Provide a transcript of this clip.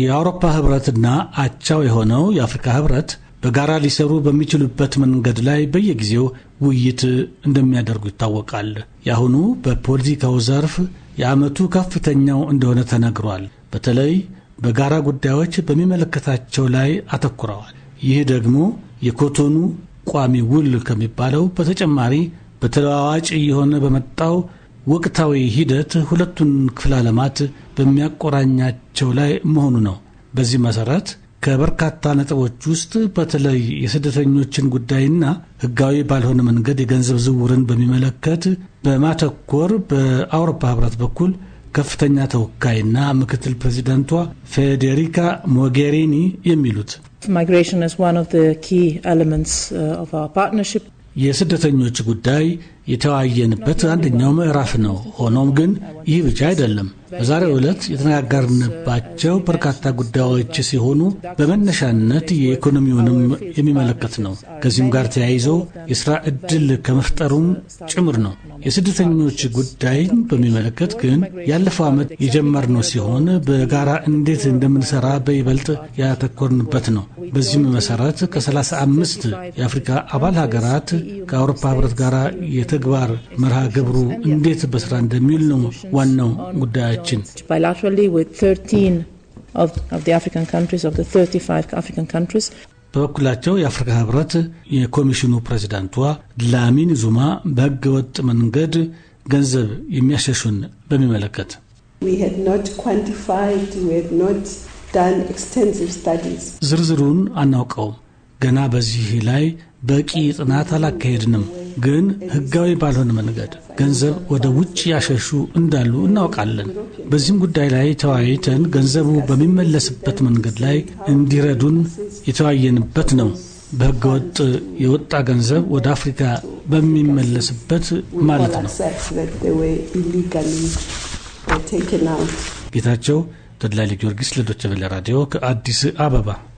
የአውሮፓ ህብረትና አቻው የሆነው የአፍሪካ ህብረት በጋራ ሊሰሩ በሚችሉበት መንገድ ላይ በየጊዜው ውይይት እንደሚያደርጉ ይታወቃል። የአሁኑ በፖለቲካው ዘርፍ የዓመቱ ከፍተኛው እንደሆነ ተነግሯል። በተለይ በጋራ ጉዳዮች በሚመለከታቸው ላይ አተኩረዋል። ይህ ደግሞ የኮቶኑ ቋሚ ውል ከሚባለው በተጨማሪ በተለዋዋጭ እየሆነ በመጣው ወቅታዊ ሂደት ሁለቱን ክፍለ ዓለማት በሚያቆራኛቸው ላይ መሆኑ ነው። በዚህ መሠረት ከበርካታ ነጥቦች ውስጥ በተለይ የስደተኞችን ጉዳይና ሕጋዊ ባልሆነ መንገድ የገንዘብ ዝውውርን በሚመለከት በማተኮር በአውሮፓ ሕብረት በኩል ከፍተኛ ተወካይና ምክትል ፕሬዚዳንቷ ፌዴሪካ ሞጌሪኒ የሚሉት uh, የስደተኞች ጉዳይ የተወያየንበት አንደኛው ምዕራፍ ነው። ሆኖም ግን ይህ ብቻ አይደለም። በዛሬው ዕለት የተነጋገርንባቸው በርካታ ጉዳዮች ሲሆኑ በመነሻነት የኢኮኖሚውንም የሚመለከት ነው። ከዚህም ጋር ተያይዞ የሥራ ዕድል ከመፍጠሩም ጭምር ነው። የስደተኞች ጉዳይን በሚመለከት ግን ያለፈው ዓመት የጀመርነው ሲሆን በጋራ እንዴት እንደምንሰራ በይበልጥ ያተኮርንበት ነው። በዚህም መሠረት ከ35 የአፍሪካ አባል ሀገራት ከአውሮፓ ኅብረት ጋር የተ ተግባር መርሃ ግብሩ እንዴት በስራ እንደሚውል ነው ዋናው ጉዳያችን። በበኩላቸው የአፍሪካ ህብረት የኮሚሽኑ ፕሬዚዳንቷ ድላሚን ዙማ በህገ ወጥ መንገድ ገንዘብ የሚያሸሹን በሚመለከት ዝርዝሩን አናውቀውም። ገና በዚህ ላይ በቂ ጥናት አላካሄድንም። ግን ህጋዊ ባልሆነ መንገድ ገንዘብ ወደ ውጭ ያሸሹ እንዳሉ እናውቃለን። በዚህም ጉዳይ ላይ ተወያይተን ገንዘቡ በሚመለስበት መንገድ ላይ እንዲረዱን የተወያየንበት ነው። በህገወጥ የወጣ ገንዘብ ወደ አፍሪካ በሚመለስበት ማለት ነው። ጌታቸው ተድላ ጊዮርጊስ ለዶቸ ራዲዮ ከአዲስ አበባ